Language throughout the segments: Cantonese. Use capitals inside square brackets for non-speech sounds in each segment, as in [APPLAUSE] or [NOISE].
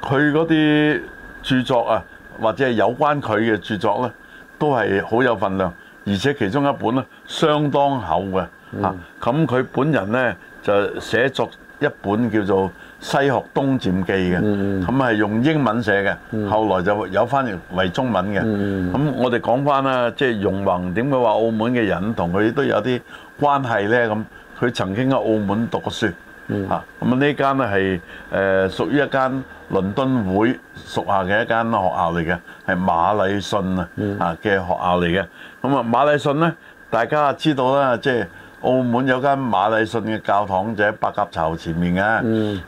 佢嗰啲著作啊，或者係有關佢嘅著作咧，都係好有份量，而且其中一本咧，相當厚嘅嚇。咁、嗯、佢、啊、本人咧就寫作一本叫做《西學東漸記》嘅，咁、嗯、係用英文寫嘅、嗯，後來就有翻譯為中文嘅。咁、嗯、我哋講翻啦，即、就、係、是、容閎點解話澳門嘅人同佢都有啲關係咧，咁佢曾經喺澳門讀過書。嚇、嗯，咁、啊、呢間咧係誒屬於一間倫敦會屬下嘅一間學校嚟嘅，係馬禮遜啊嚇嘅學校嚟嘅。咁、嗯、啊馬禮遜呢，大家知道啦，即、就、係、是、澳門有一間馬禮遜嘅教堂就喺白鴿巢前面嘅。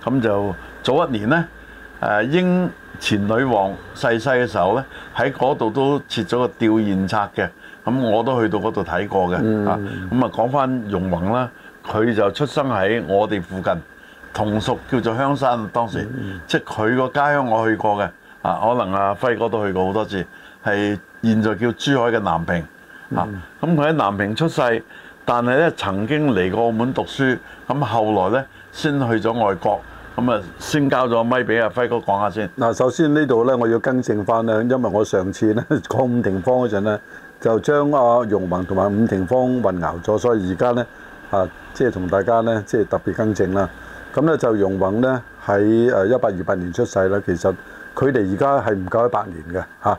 咁、嗯、就早一年呢，誒、啊、英前女王逝世嘅時候呢，喺嗰度都設咗個吊唁冊嘅。咁我都去到嗰度睇過嘅。嚇、嗯，咁啊講翻容閎啦。佢就出生喺我哋附近，同屬叫做香山。當時、嗯、即係佢個家鄉，我去過嘅。啊，可能阿輝哥都去過好多次，係現在叫珠海嘅南屏、嗯。啊，咁佢喺南屏出世，但係咧曾經嚟過澳門讀書，咁後來咧先去咗外國。咁啊，先交咗咪俾阿輝哥講下先。嗱，首先呢度咧，我要更正翻咧，因為我上次咧講 [LAUGHS] 伍廷芳嗰陣咧，就將阿容閎同埋伍廷芳混淆咗，所以而家咧啊。即係同大家咧，即係特別更正啦。咁咧就容閎咧喺誒一八二八年出世啦。其實佢哋而家係唔夠一百年嘅嚇。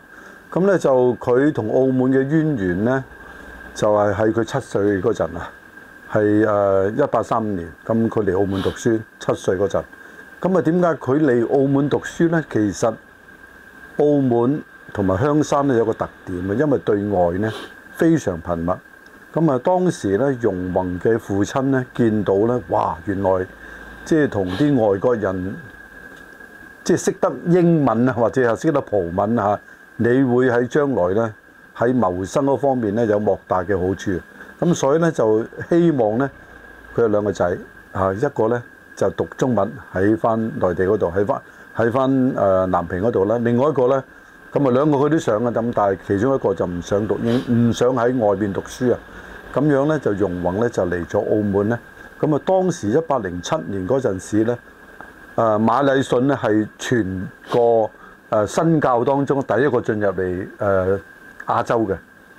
咁、啊、咧就佢同澳門嘅淵源咧，就係喺佢七歲嗰陣啊，係誒一八三五年。咁佢嚟澳門讀書，七歲嗰陣。咁啊點解佢嚟澳門讀書咧？其實澳門同埋香山咧有一個特點啊，因為對外咧非常頻密。咁啊，當時咧，容閎嘅父親咧，見到咧，哇，原來即係同啲外國人，即係識得英文啊，或者係識得葡文啊，你會喺將來咧，喺謀生嗰方面咧，有莫大嘅好處。咁所以咧，就希望咧，佢有兩個仔，嚇一個咧就讀中文喺返內地嗰度，喺返喺返誒南平嗰度啦。另外一個咧，咁啊，兩個佢都想啊，咁但係其中一個就唔想讀英，唔想喺外邊讀書啊。咁樣咧就容閎咧就嚟咗澳門咧，咁啊當時一八零七年嗰陣時咧，誒馬禮遜咧係全個新教當中第一個進入嚟誒亞洲嘅，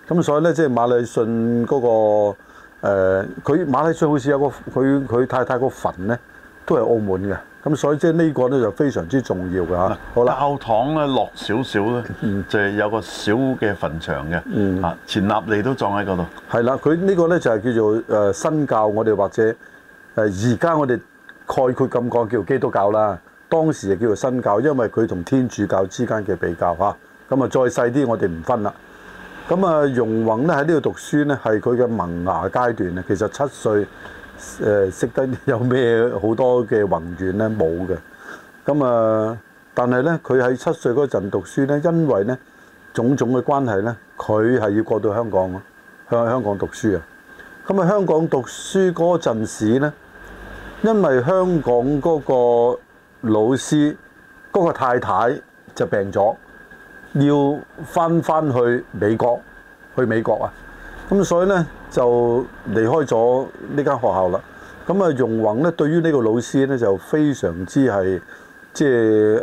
咁所以咧即係馬禮遜嗰個佢、呃、馬禮遜好似有個佢佢太太個墳咧。都係澳門嘅，咁所以即係呢個咧就非常之重要嘅嚇。好啦，教堂咧落少少咧，就係有個小嘅墳場嘅。嗯，啊、就是，錢納利都葬喺嗰度。係啦，佢呢個咧就係叫做誒新教，我哋或者誒而家我哋概括咁講叫做基督教啦。當時就叫做新教，因為佢同天主教之間嘅比較嚇。咁啊，再細啲，我哋唔分啦。咁啊，容閎咧喺呢度讀書咧，係佢嘅萌芽階段啊。其實七歲。誒，識得有咩好多嘅宏願咧，冇嘅。咁啊，但係咧，佢喺七歲嗰陣讀書咧，因為咧種種嘅關係咧，佢係要過到香港，向香港讀書啊。咁啊，香港讀書嗰陣時咧，因為香港嗰個老師嗰個太太就病咗，要翻翻去美國，去美國啊。咁所以咧就離開咗呢間學校啦。咁啊，容閎咧對於呢個老師咧就非常之係即係誒誒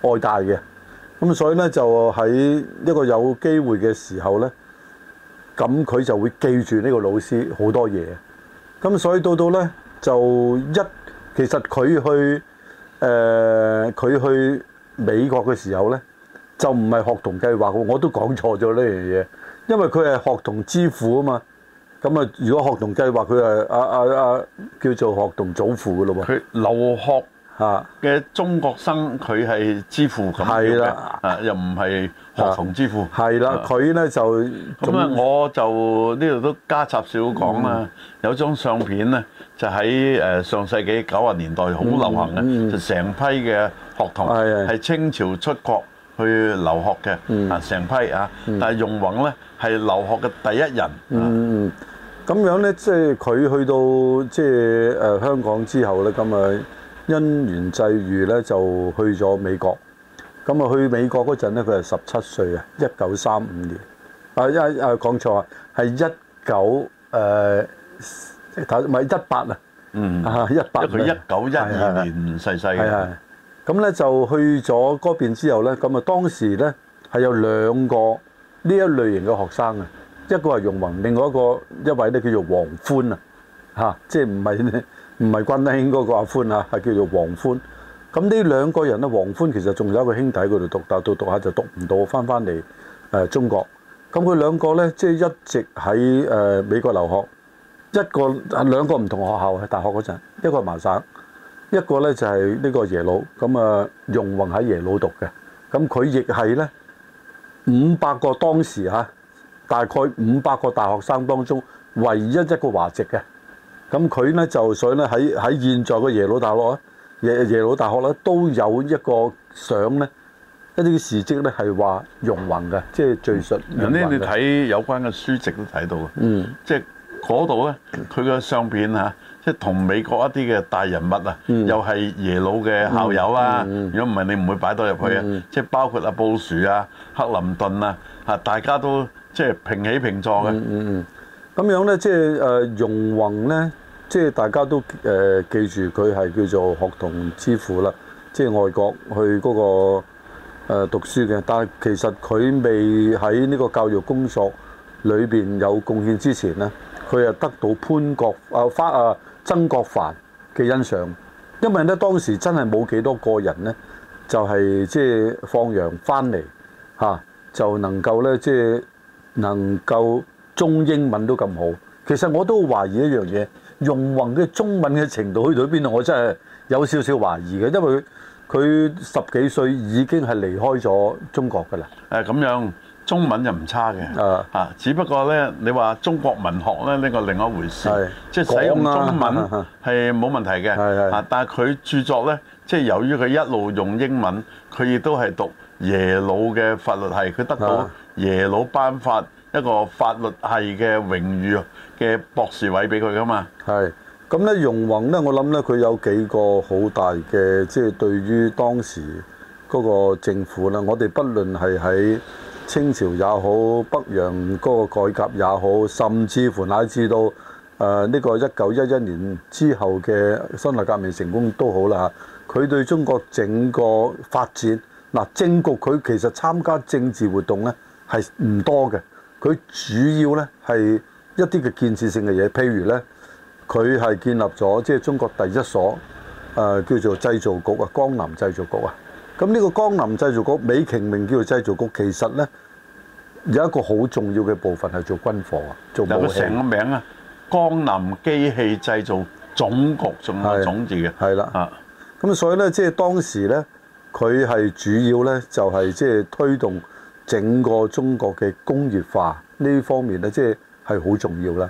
愛戴嘅。咁所以咧就喺一個有機會嘅時候咧，咁佢就會記住呢個老師好多嘢。咁所以到到咧就一其實佢去誒佢，呃、去美國嘅時候咧。就唔係學童計劃喎，我都講錯咗呢樣嘢，因為佢係學童之父啊嘛。咁啊，如果學童計劃佢係啊啊啊叫做學童祖父嘅咯喎。佢留學嘅中國生，佢係之父咁樣啦、啊。又唔係學童之父。係啦，佢呢就咁我就呢度都加插少講啦、嗯。有一張相片呢，就喺誒上世紀九十年代好流行嘅，就成批嘅學童係清朝出國。去留學嘅，啊成批啊，但係容閎咧，係留學嘅第一人。嗯嗯，咁樣咧，即係佢去到即係誒香港之後咧，咁啊因緣際遇咧就去咗美國。咁啊去美國嗰陣咧，佢係十七歲啊，一九三五年。啊一啊，講錯啊，係一九誒，唔係一八啊，嗯啊一八，佢一九一二年逝世。咁咧就去咗嗰邊之後咧，咁啊當時咧係有兩個呢一類型嘅學生嘅，一個係容閎，另外一個一位咧叫做黃寬啊，嚇，即係唔係唔係軍興嗰個阿寬啊，係叫做黃寬。咁呢兩個人咧，黃寬其實仲有一個兄弟喺度讀，但係讀讀下就讀唔到，翻翻嚟誒中國。咁佢兩個咧，即係一直喺誒美國留學，一個兩個唔同學校喺大學嗰陣，一個係麻省。一個咧就係呢個耶魯，咁啊容閎喺耶魯讀嘅，咁佢亦係咧五百個當時嚇，大概五百個大學生當中唯一一個華籍嘅，咁佢咧就想咧喺喺現在嘅耶魯大學啊，耶耶魯大學咧都有一個相咧，一啲事蹟咧係話容閎嘅，即係敍述容閎。你睇有關嘅書籍都睇到嘅，嗯，即係嗰度咧佢嘅相片嚇。即係同美國一啲嘅大人物啊，嗯、又係耶魯嘅校友啊。如果唔係，嗯、不你唔會擺到入去啊。即、嗯、係包括阿布殊啊、克林頓啊，嚇大家都即係平起平坐嘅、啊。嗯咁、嗯嗯、樣咧，即係誒容閎咧，即、就、係、是、大家都誒、呃、記住佢係叫做學童之父啦。即、就、係、是、外國去嗰、那個誒、呃、讀書嘅，但係其實佢未喺呢個教育工作裏邊有貢獻之前咧，佢又得到潘國啊花啊。曾國藩嘅欣賞，因為咧當時真係冇幾多個人咧，就係、是、即係放羊翻嚟嚇，就能夠咧即係能夠中英文都咁好。其實我都懷疑一樣嘢，容閎嘅中文嘅程度去到邊度？我真係有少少懷疑嘅，因為佢佢十幾歲已經係離開咗中國㗎啦。誒，咁樣。中文又唔差嘅，嚇、啊，只不過咧，你話中國文學咧呢、呢個另一回事，即係、就是、使用中文係冇問題嘅，嚇、啊啊啊。但係佢著作咧，即、就、係、是、由於佢一路用英文，佢亦都係讀耶魯嘅法律系，佢得到耶魯頒發一個法律系嘅榮譽嘅博士位俾佢噶嘛。係，咁咧，容閎咧，我諗咧佢有幾個好大嘅，即、就、係、是、對於當時嗰個政府咧，我哋不論係喺清朝也好，北洋嗰個改革也好，甚至乎乃至到誒呢、呃呢個一九一一年之後嘅辛亥革命成功都好啦。佢對中國整個發展嗱、啊、政局，佢其實參加政治活動咧係唔多嘅。佢主要咧係一啲嘅建設性嘅嘢，譬如咧佢係建立咗即係中國第一所誒、呃、叫做製造局啊，江南製造局啊。咁呢個江南製造局，美其名叫做製造局，其實咧有一個好重要嘅部分係做軍火啊，做武器。成個名啊，江南機器製造總局仲有總字嘅。係啦，咁所以咧，即係當時咧，佢係主要咧就係即係推動整個中國嘅工業化呢方面咧，即係係好重要啦。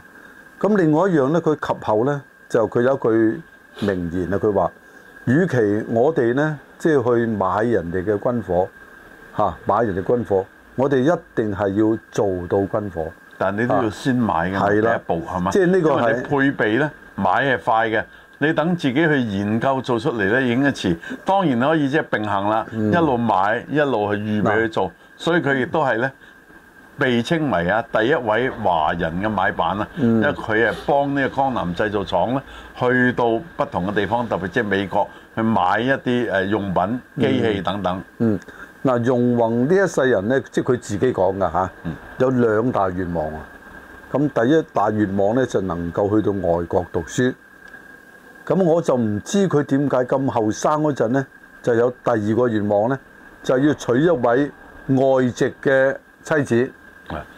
咁另外一樣咧，佢及後咧就佢有一句名言啊，佢話：與其我哋咧。即係去買人哋嘅軍火，嚇、啊、買人哋軍火，我哋一定係要做到軍火。但係你都要先買㗎，第、啊、一步係嘛？即係呢個係配備咧，買係快嘅。你等自己去研究做出嚟咧，已經遲。當然可以即係並行啦、嗯，一路買一路去預備去做，嗯、所以佢亦都係咧。被稱為啊第一位華人嘅買辦啦，因為佢係幫呢個江南製造廠咧去到不同嘅地方，特別即係美國去買一啲誒用品、機器等等嗯。嗯，嗱、嗯，容閎呢一世人咧，即係佢自己講嘅嚇，有兩大願望啊。咁第一大願望咧，就能夠去到外國讀書。咁我就唔知佢點解咁後生嗰陣咧，就有第二個願望咧，就要娶一位外籍嘅妻子。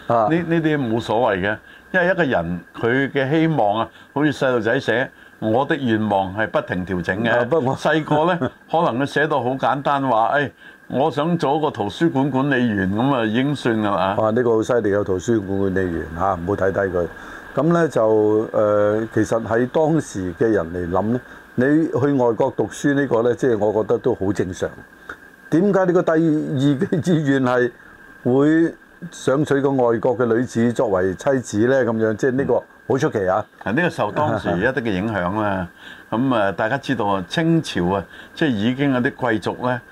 啊！呢呢啲冇所謂嘅，因為一個人佢嘅希望啊，好似細路仔寫，我的願望係不停調整嘅、啊。不過，我細個呢， [LAUGHS] 可能佢寫到好簡單話，誒、哎，我想做一個圖書館管理員，咁啊已經算啦嘛？哇、啊！呢、這個好犀利，嘅圖書館管理員嚇，唔好睇低佢。咁呢，就誒、呃，其實喺當時嘅人嚟諗咧，你去外國讀書呢個呢，即、就、係、是、我覺得都好正常。點解呢個第二志願係會？想娶個外國嘅女子作為妻子呢，咁樣即係呢個好出奇啊！呢、呢個受當時一啲嘅影響啦。咁啊， [LAUGHS] 大家知道啊，清朝啊，即、就、係、是、已經有啲貴族呢、啊，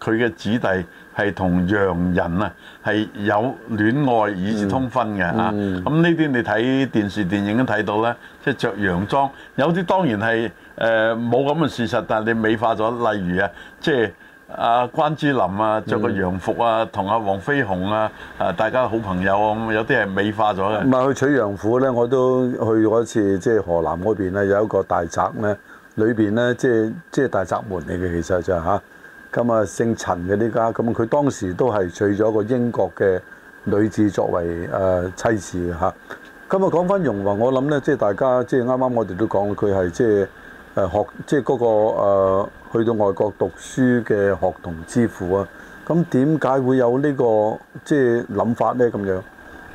吓佢嘅子弟係同洋人啊，係有戀愛以至通婚嘅、嗯、啊。咁呢啲你睇電視電影都睇到咧，即、就、係、是、着洋裝。有啲當然係誒冇咁嘅事實，但係你美化咗。例如啊，即係。阿、啊、關之琳啊，着個洋服啊，同阿黃飛鴻啊，啊大家好朋友咁、啊，有啲係美化咗嘅。唔係去娶洋婦，咧，我都去過一次，即、就、係、是、河南嗰邊咧，有一個大宅咧，裏邊咧，即係即係大宅門嚟嘅，其實就吓、是。咁啊，啊，姓陳嘅呢家，咁、啊、佢當時都係娶咗個英國嘅女子作為誒妻子吓。咁啊，講翻、啊啊、容閎，我諗咧，即、就、係、是、大家，即係啱啱我哋都講，佢係即係誒學，即係嗰個誒。啊去到外國讀書嘅學童之父啊，咁點解會有呢個即係諗法呢？咁樣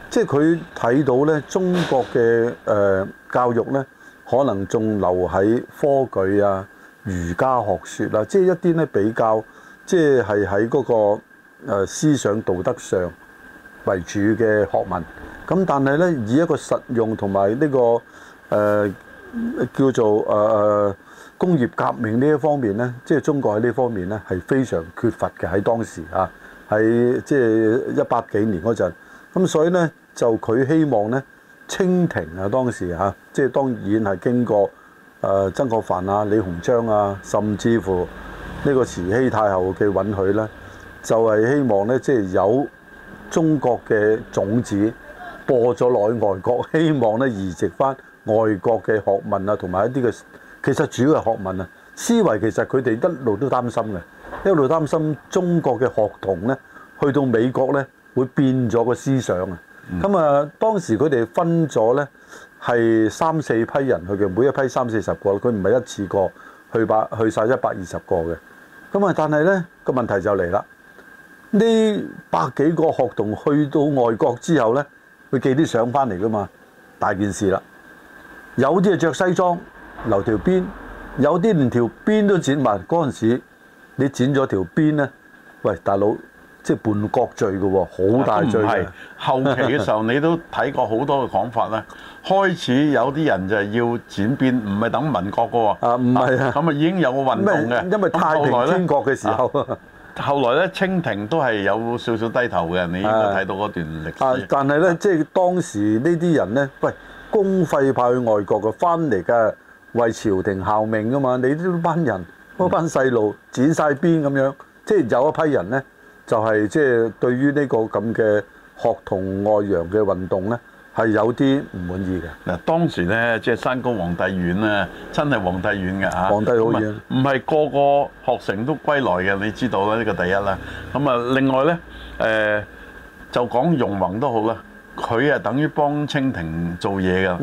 即係佢睇到呢中國嘅誒教育呢，可能仲留喺科舉啊、儒家學説啊，即係一啲呢比較即係喺嗰個思想道德上為主嘅學問。咁但係呢，以一個實用同埋呢個誒叫做誒誒。呃工業革命呢一方面呢，即係中國喺呢方面呢係非常缺乏嘅喺當時啊，喺即係一八幾年嗰陣，咁，所以呢，就佢希望呢清廷啊，當時啊，即係當然係經過誒曾國藩啊、李鴻章啊，甚至乎呢個慈禧太后嘅允許呢，就係希望呢，即係有中國嘅種子播咗落去外國，希望呢移植翻外國嘅學問啊，同埋一啲嘅。其實主要係學問啊，思維其實佢哋一路都擔心嘅，一路擔心中國嘅學童呢去到美國呢會變咗個思想啊。咁、嗯、啊、嗯，當時佢哋分咗呢係三四批人去嘅，每一批三四十個，佢唔係一次過去百去晒一百二十個嘅。咁啊，但係呢個問題就嚟啦，呢百幾個學童去到外國之後呢，會寄啲相翻嚟㗎嘛，大件事啦。有啲係着西裝。留條邊，有啲連條邊都剪埋嗰陣時，你剪咗條邊咧，喂大佬，即、就、係、是、叛國罪嘅喎，好大罪的啊！都係後期嘅時候， [LAUGHS] 你都睇過好多嘅講法啦。開始有啲人就係要剪邊，唔係等民國嘅喎。啊，唔係啊，咁啊已經有個運動嘅。因為太平天國嘅時候，啊、後來咧，清廷都係有少少低頭嘅、啊。你應該睇到嗰段歷史。啊、但係咧，即、啊、係、就是、當時呢啲人咧，喂，公費派去外國嘅，翻嚟嘅。為朝廷效命噶嘛？你呢班人，嗰、嗯、班細路剪晒邊咁樣，即係有一批人咧，就係即係對於呢個咁嘅學童外洋嘅運動咧，係有啲唔滿意嘅。嗱，當時咧，即係山高皇帝遠啊，真係皇帝遠嘅嚇。皇帝好遠。唔係個個學成都歸來嘅，你知道啦，呢、這個第一啦。咁啊，另外咧，誒、呃、就講容閎都好啊。佢係，等於幫清廷做嘢噶，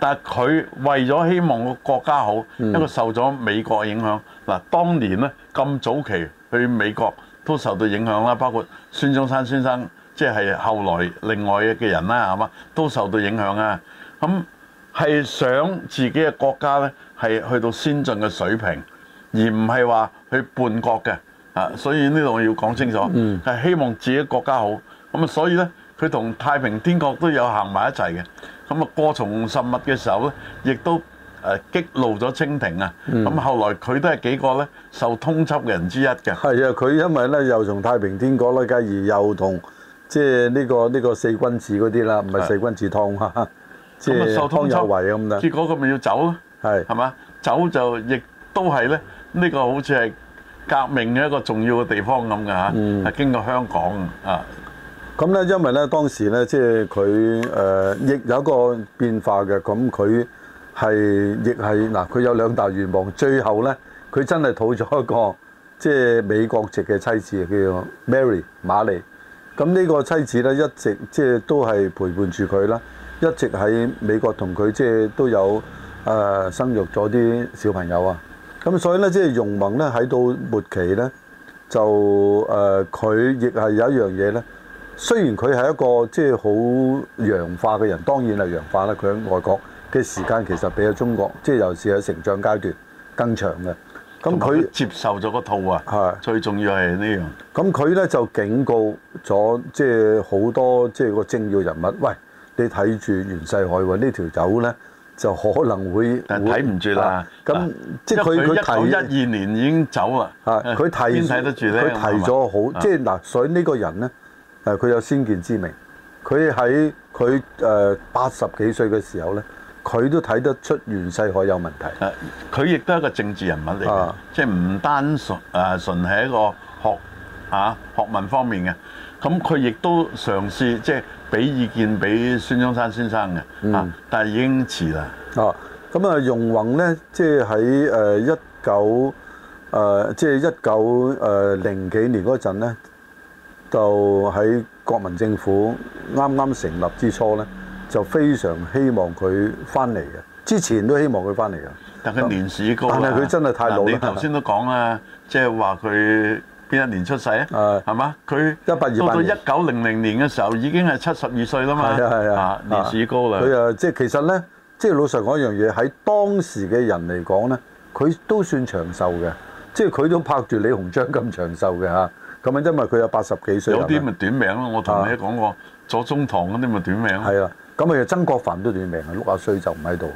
但係佢為咗希望個國家好，因為受咗美國影響。嗱，當年咧咁早期去美國都受到影響啦，包括孫中山先生，即係後來另外嘅人啦，係嘛都受到影響啊。咁係想自己嘅國家咧係去到先進嘅水平，而唔係話去叛國嘅啊。所以呢度我要講清楚，係希望自己國家好。咁啊，所以咧。佢同太平天國都有行埋一齊嘅，咁啊過從甚密嘅時候咧，亦都誒激怒咗清廷啊！咁後來佢都係幾個咧受通緝嘅人之一嘅。係啊，佢因為咧又從太平天國咧，而又同即係呢個呢個四君子嗰啲啦，唔係四君子湯啊，即係湯有為啊咁啦。結果佢咪要走咯，係係嘛？走就亦都係咧呢個好似係革命嘅一個重要嘅地方咁嘅嚇，係經過香港啊。咁咧，因為咧當時咧，即係佢誒亦有個變化嘅。咁佢係亦係嗱，佢有兩大願望。最後咧，佢真係討咗一個即係美國籍嘅妻子，叫做 Mary 瑪麗。咁呢個妻子咧，一直即係都係陪伴住佢啦，一直喺美國同佢即係都有誒生育咗啲小朋友啊。咁所以咧，即係容閎咧喺到末期咧，就誒佢亦係有一樣嘢咧。雖然佢係一個即係好洋化嘅人，當然係洋化啦。佢喺外國嘅時間其實比喺中國，即係尤其是喺成長階段更長嘅。咁佢接受咗個套啊，最重要係呢樣。咁佢咧就警告咗，即係好多即係、就是、個政要人物。喂，你睇住袁世凱呢條友咧，就可能會睇唔住啦。咁即係佢佢提一二年已經走啦。係，佢提睇得住咧，佢提咗好，即係嗱、啊，所以呢個人咧。誒佢有先見之明，佢喺佢誒八十幾歲嘅時候咧，佢都睇得出袁世凱有問題。誒，佢亦都係一個政治人物嚟嘅，即係唔單純誒純係一個學啊學問方面嘅。咁佢亦都嘗試即係俾意見俾孫中山先生嘅。嗯，但係已經遲啦。哦，咁啊，容閎咧，即係喺誒一九誒即係一九誒零幾年嗰陣咧。就喺國民政府啱啱成立之初咧，就非常希望佢翻嚟嘅。之前都希望佢翻嚟嘅，但佢年事高但係佢真係太老，你頭先都講啦，即係話佢邊一年出世啊，啊是？係嘛？佢一八二八到到一九零零年嘅時候已經係七十二歲啦嘛。係啊係啊，啊、年事高啦。佢啊，即係其實咧，即係老實講一樣嘢，喺當時嘅人嚟講咧，佢都算長壽嘅。即係佢都拍住李鴻章咁長壽嘅嚇。咁因為佢有八十幾歲，有啲咪短命咯。我同你講過，左宗棠嗰啲咪短命。係啊，咁啊曾國藩都短命啊，六十歲就唔喺度。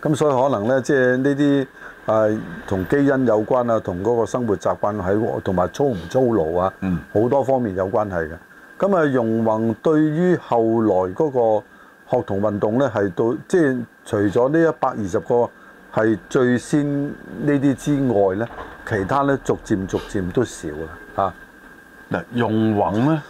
咁所以可能咧，即係呢啲誒同基因有關啊，同嗰個生活習慣喺同埋操唔操勞啊，好、嗯、多方面有關係嘅。咁啊，容閎對於後來嗰個學童運動咧，係到即係、就是、除咗呢一百二十個係最先呢啲之外咧，其他咧逐漸逐漸都少啦用容閎咧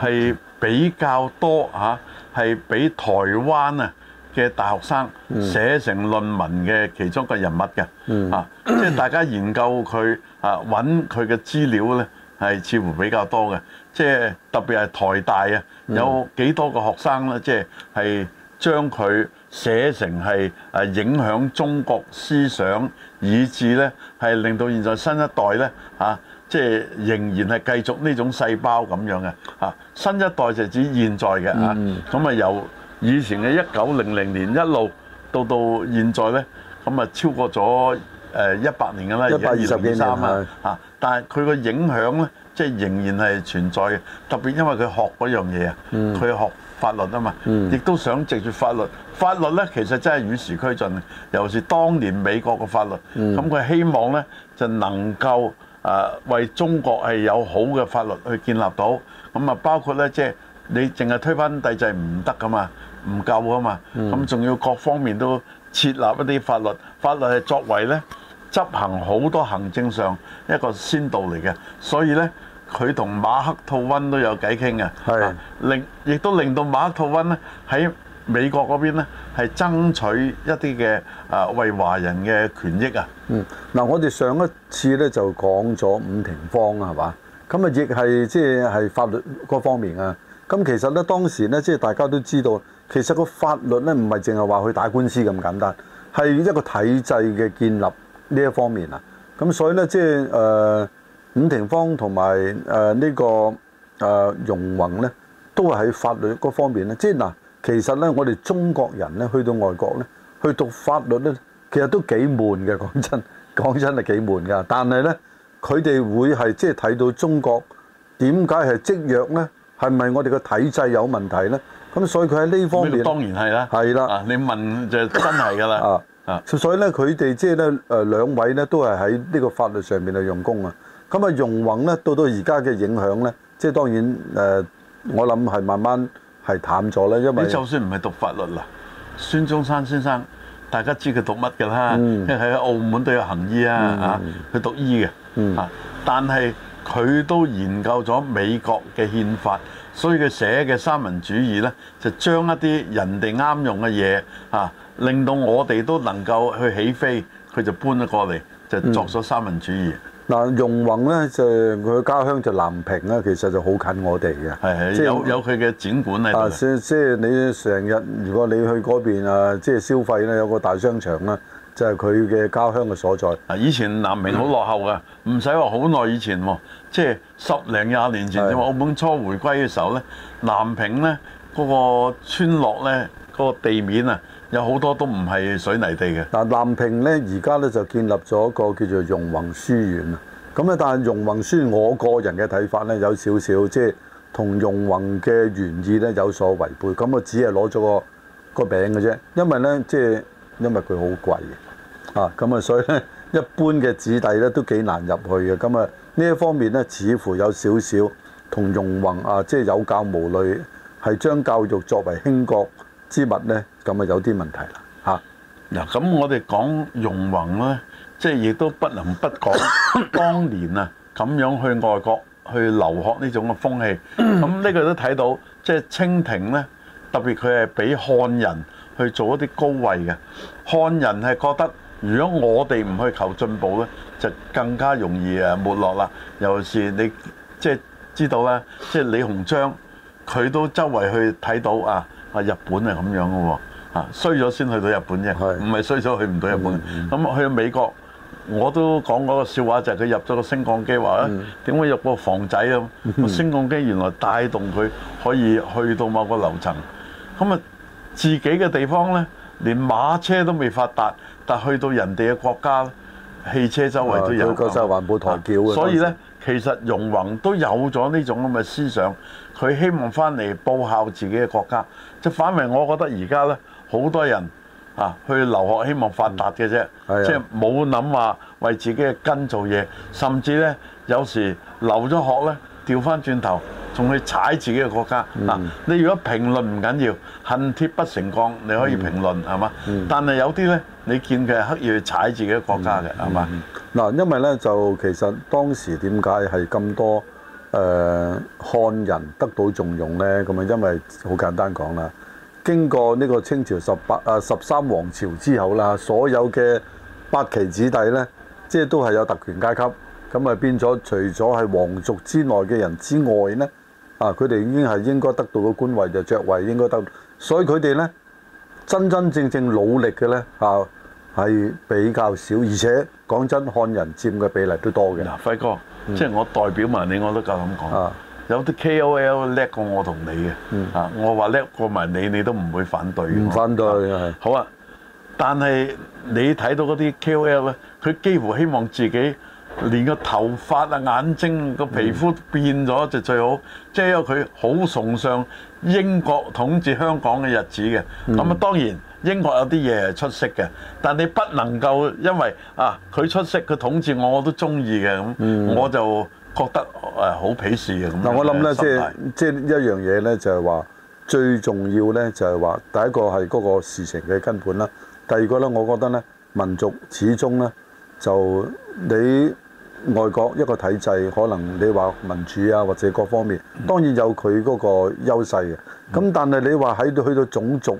係比較多嚇，係、啊、俾台灣啊嘅大學生寫成論文嘅其中嘅人物嘅、嗯嗯，啊，即係大家研究佢啊，揾佢嘅資料咧係似乎比較多嘅，即係特別係台大啊，有幾多個學生咧、嗯，即係係將佢寫成係誒影響中國思想以呢，以至咧係令到現在新一代咧啊。即係仍然係繼續呢種細胞咁樣嘅，啊，新一代就指現在嘅、嗯、啊，咁啊由以前嘅一九零零年一路到到現在咧，咁、嗯、啊超過咗誒一百年嘅啦，一百二十幾年啦，啊，但係佢個影響咧，即係仍然係存在嘅，特別因為佢學嗰樣嘢啊，佢、嗯、學法律啊嘛，亦、嗯、都想藉住法律，法律咧其實真係與時俱進，尤其是當年美國嘅法律，咁、嗯、佢希望咧就能夠。誒、啊、為中國係有好嘅法律去建立到，咁啊包括呢即係你淨係推翻帝制唔得噶嘛，唔夠噶嘛，咁、嗯、仲、啊、要各方面都設立一啲法律，法律係作為呢執行好多行政上一個先導嚟嘅，所以呢，佢同馬克吐温都有偈傾嘅，令亦都令到馬克吐温呢喺。美國嗰邊咧係爭取一啲嘅啊，為華人嘅權益啊。嗯，嗱、嗯，我哋上一次咧就講咗伍廷芳啊，係嘛？咁啊，亦係即係法律嗰方面啊。咁其實咧當時咧即係大家都知道，其實個法律咧唔係淨係話去打官司咁簡單，係一個體制嘅建立呢一方面啊。咁所以咧即係誒伍廷芳同埋誒呢、就是呃呃這個誒、呃、容閎咧，都係喺法律嗰方面咧，即係嗱。呃其實咧，我哋中國人咧去到外國咧，去讀法律咧，其實都幾悶嘅。講真，講真係幾悶噶。但係咧，佢哋會係即係睇到中國點解係積弱咧，係咪我哋個體制有問題咧？咁所以佢喺呢方面當然係啦，係啦。你問就真係㗎啦。啊 [LAUGHS] 啊，所以咧，佢哋即係咧，誒兩位咧都係喺呢個法律上面去用功啊。咁啊，容閎咧到到而家嘅影響咧，即係當然誒、呃，我諗係慢慢。係淡咗啦，因為就算唔係讀法律啦，孫中山先生大家知佢讀乜㗎啦，即係喺澳門都有行醫啊嚇，去、嗯嗯、讀醫嘅嚇、嗯，但係佢都研究咗美國嘅憲法，所以佢寫嘅三民主義咧，就將一啲人哋啱用嘅嘢嚇，令到我哋都能夠去起飛，佢就搬咗過嚟，就作咗三民主義。嗯嗱，容閎咧就佢嘅家鄉就南平啦，其實就好近我哋嘅。係係，有有佢嘅展館喺度啊。即即你成日如果你去嗰邊啊，即消費咧有個大商場啦，就係佢嘅家鄉嘅所在。啊，以前南平好落後㗎，唔使話好耐以前喎，即係十零廿年前就澳門初回歸嘅時候咧，南平咧嗰個村落咧嗰個地面啊～有好多都唔係水泥地嘅。嗱，南平呢，而家呢，就建立咗個叫做容閎書院啊。咁咧，但係容閎書院，我個人嘅睇法呢，有少少即係同容閎嘅原意呢有所違背。咁啊，只係攞咗個個餅嘅啫。因為呢，即係因為佢好貴嘅。啊，咁啊，所以呢，一般嘅子弟呢都幾難入去嘅。咁啊，呢一方面呢，似乎有少少同容閎，啊，即係有教無類，係將教育作為興國。私密咧，咁啊有啲問題啦嚇。嗱，咁我哋講容閎咧，即係亦都不能不講當年啊，咁樣去外國去留學呢種嘅風氣。咁呢個都睇到，即係清廷咧，特別佢係俾漢人去做一啲高位嘅。漢人係覺得，如果我哋唔去求進步咧，就更加容易誒沒落啦。尤其是你即係知道啦，即係李鴻章，佢都周圍去睇到啊。啊！日本係咁樣嘅喎，衰咗先去到日本啫，唔係衰咗去唔到日本。咁、嗯嗯、去到美國我都講嗰個笑話就係、係、佢入咗個升降機，話咧點解入個房仔啊、嗯？升降機原來帶動佢可以去到某個樓層。咁、嗯、啊，自己嘅地方咧連馬車都未發達，但係去到人哋嘅國家，汽車周圍都有。對、啊，個就環保台橋啊。所以咧，其實容閎都有咗呢種咁嘅思想。佢希望翻嚟報效自己嘅國家，即反為我覺得而家呢，好多人啊去留學希望發達嘅啫、嗯，即係冇諗話為自己嘅根做嘢，甚至呢，有時留咗學呢，調翻轉頭仲去踩自己嘅國家。嗱，你如果評論唔緊要，恨鐵不成鋼，你可以評論係、嗯、嘛、嗯？但係有啲呢，你見佢係刻意去踩自己嘅國家嘅係嘛？嗱、嗯嗯嗯，因為呢，就其實當時點解係咁多，誒、呃、漢人得到重用呢，咁啊，因為好簡單講啦，經過呢個清朝十八啊十三王朝之後啦，所有嘅八旗子弟呢，即係都係有特權階級，咁啊變咗除咗係皇族之內嘅人之外呢，啊佢哋已經係應該得到嘅官位就爵位應該得，所以佢哋呢，真真正正努力嘅呢，嚇、啊、係比較少，而且講真，漢人佔嘅比例都多嘅。嗱，輝哥。嗯、即係我代表埋你，我都夠膽講。有啲 KOL 叻過我同你嘅、嗯，啊，我話叻過埋你，你都唔會反對。唔反對啊，好啊，但係你睇到嗰啲 KOL 咧，佢幾乎希望自己連個頭髮啊、眼睛、個皮膚變咗就最好，即、嗯、係因為佢好崇尚英國統治香港嘅日子嘅。咁、嗯、啊，當然。英國有啲嘢係出色嘅，但你不能夠因為啊佢出色，佢統治我我都中意嘅咁，我就覺得係好鄙視嘅咁。嗱，我諗咧，即係即係一樣嘢咧，就係話最重要咧，就係話第一個係嗰個事情嘅根本啦。第二個咧，我覺得咧，民族始終咧就你外國一個體制，可能你話民主啊，或者各方面，當然有佢嗰個優勢嘅。咁但係你話喺去到種族。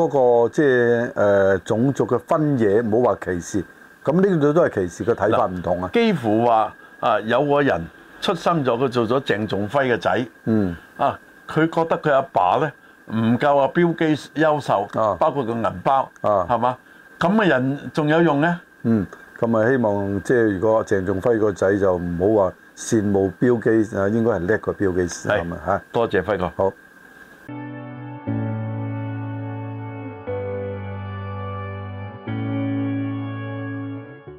嗰、那個即係誒種族嘅分野，唔好話歧視。咁呢度都係歧視嘅睇法唔同啊、嗯。幾乎話啊，有個人出生咗，佢做咗鄭仲輝嘅仔。嗯啊，佢覺得佢阿爸咧唔夠阿標記優秀。啊，包括個銀包啊，係嘛？咁嘅人仲有用咧？嗯，咁咪希望即係如果鄭仲輝個仔就唔好話羨慕標記啊，應該係叻過標記先啊嘛嚇。多謝輝哥。好。